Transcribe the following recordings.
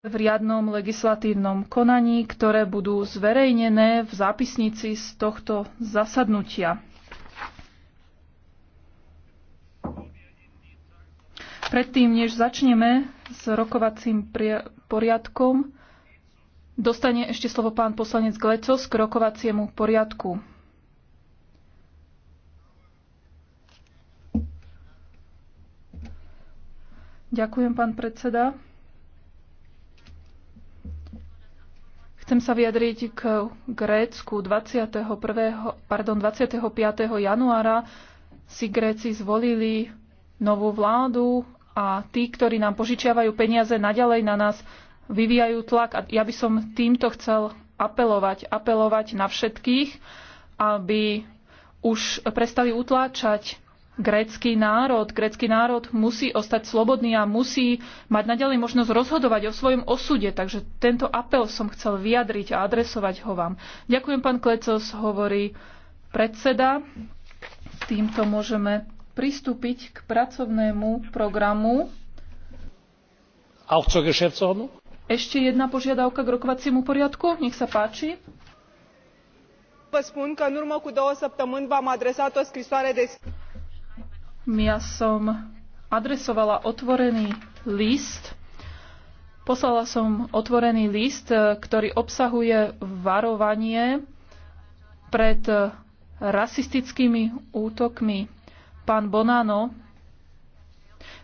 v riadnom legislatívnom konaní, ktoré budú zverejnené v zápisnici z tohto zasadnutia. Predtým, než začneme s rokovacím poriadkom, dostane ešte slovo pán poslanec Glecos k rokovaciemu poriadku. Ďakujem, pán predseda. Chcem sa vyjadriť k Grécku. 21. Pardon, 25. januára si Gréci zvolili novú vládu a tí, ktorí nám požičiavajú peniaze, naďalej na nás vyvíjajú tlak. A ja by som týmto chcel apelovať, apelovať na všetkých, aby už prestali utláčať grécky národ. Grécky národ musí ostať slobodný a musí mať naďalej možnosť rozhodovať o svojom osude. Takže tento apel som chcel vyjadriť a adresovať ho vám. Ďakujem, pán Klecos, hovorí predseda. Týmto môžeme pristúpiť k pracovnému programu. Ešte jedna požiadavka k rokovaciemu poriadku. Nech sa páči vă spun că în urmă cu două săptămâni v am adresat o scrisoare de... Ja som adresovala otvorený list. Poslala som otvorený list, e, ktorý obsahuje varovanie pred rasistickými útokmi. Pán Bonano,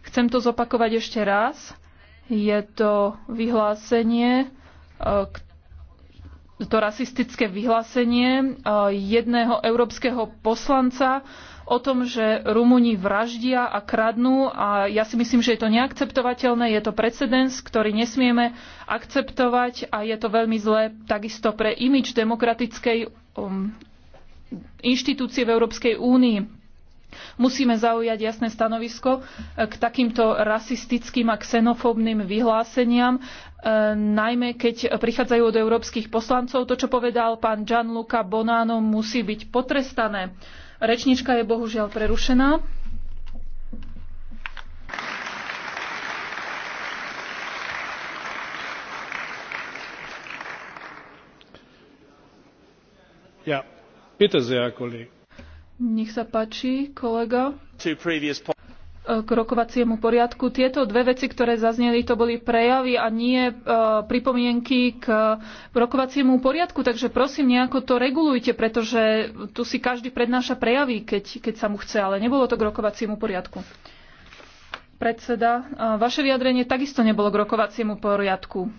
chcem to zopakovať ešte raz. Je to vyhlásenie, e, to rasistické vyhlásenie e, jedného európskeho poslanca o tom, že Rumúni vraždia a kradnú a ja si myslím, že je to neakceptovateľné, je to precedens, ktorý nesmieme akceptovať a je to veľmi zlé takisto pre imič demokratickej um, inštitúcie v Európskej únii. Musíme zaujať jasné stanovisko e, k takýmto rasistickým a xenofóbnym vyhláseniam, e, najmä keď prichádzajú od európskych poslancov. To, čo povedal pán Gianluca Bonano, musí byť potrestané. Rečnička je bohužiaľ prerušená. Ja, bitte sehr, Kollege. Nech sa páči, kolega. K rokovaciemu poriadku. Tieto dve veci, ktoré zazneli, to boli prejavy a nie e, pripomienky k rokovaciemu poriadku. Takže prosím, nejako to regulujte, pretože tu si každý prednáša prejavy, keď, keď sa mu chce, ale nebolo to k rokovaciemu poriadku. Predseda, e, vaše vyjadrenie takisto nebolo k rokovaciemu poriadku.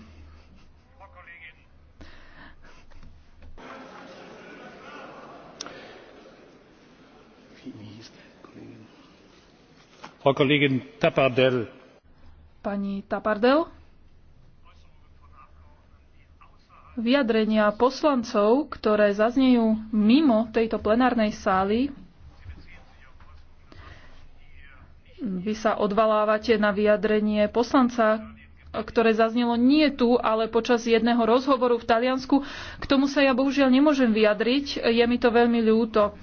Pani Tapardel. Vyjadrenia poslancov, ktoré zaznejú mimo tejto plenárnej sály, vy sa odvalávate na vyjadrenie poslanca, ktoré zaznelo nie tu, ale počas jedného rozhovoru v Taliansku. K tomu sa ja bohužiaľ nemôžem vyjadriť. Je mi to veľmi ľúto.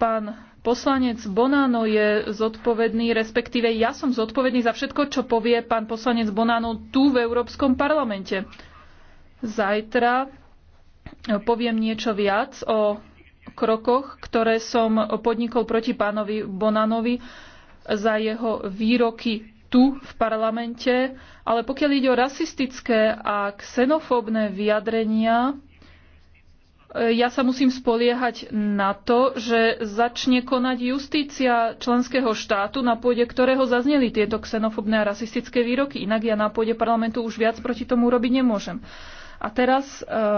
Pán poslanec Bonano je zodpovedný, respektíve ja som zodpovedný za všetko, čo povie pán poslanec Bonano tu v Európskom parlamente. Zajtra poviem niečo viac o krokoch, ktoré som podnikol proti pánovi Bonanovi za jeho výroky tu v parlamente, ale pokiaľ ide o rasistické a xenofóbne vyjadrenia, E, ja sa musím spoliehať na to, že začne konať justícia členského štátu, na pôde ktorého zazneli tieto xenofobné a rasistické výroky. Inak ja na pôde parlamentu už viac proti tomu urobiť nemôžem. A teraz e,